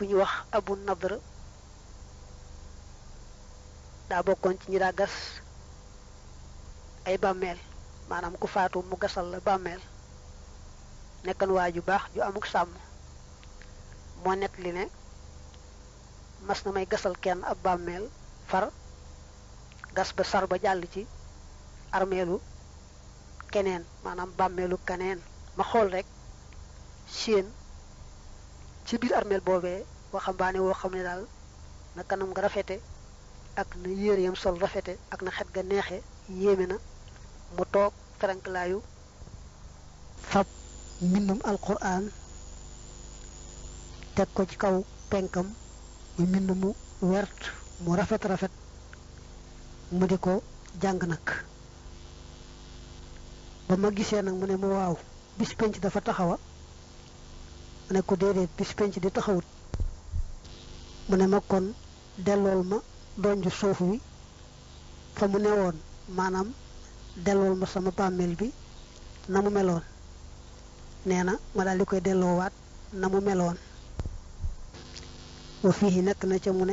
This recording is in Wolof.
ku ñu wax abu nadr daa bokkoon ci ñi daa gas ay bàmmeel maanaam ku faatu mu gasal la bàmmeel nekkan waa ju baax yu amuk sàmm monet nekk li ne mas na may gasal kenn ab bàmmeel far gas ba sar ba jàll ci armeelu keneen maanaam bàmmeelu keneen ma xool rekk séen ci biir armeel boobee waxambaane woo xam ne daal na kanam nga rafete ak na yére yam sol rafete ak na xet ga neexe yéeme na mu toog feranklaayu fab mbindum alquran teg ko ci kaw penkam mu mbind mu wert mu rafet rafet mu di ko jàng nag ba ma gisee nag mu ne ma waaw bis penc dafa taxawa mu ne ko déedéet bis penc di taxawut mu ne ma kon dellool ma donju suuf wi fa mu newoon maanaam dellool ma sama bàmmeel bi na mu meloon nee na ma daal di koy delloowaat na mu meloon wa fii nekk na ca mu ne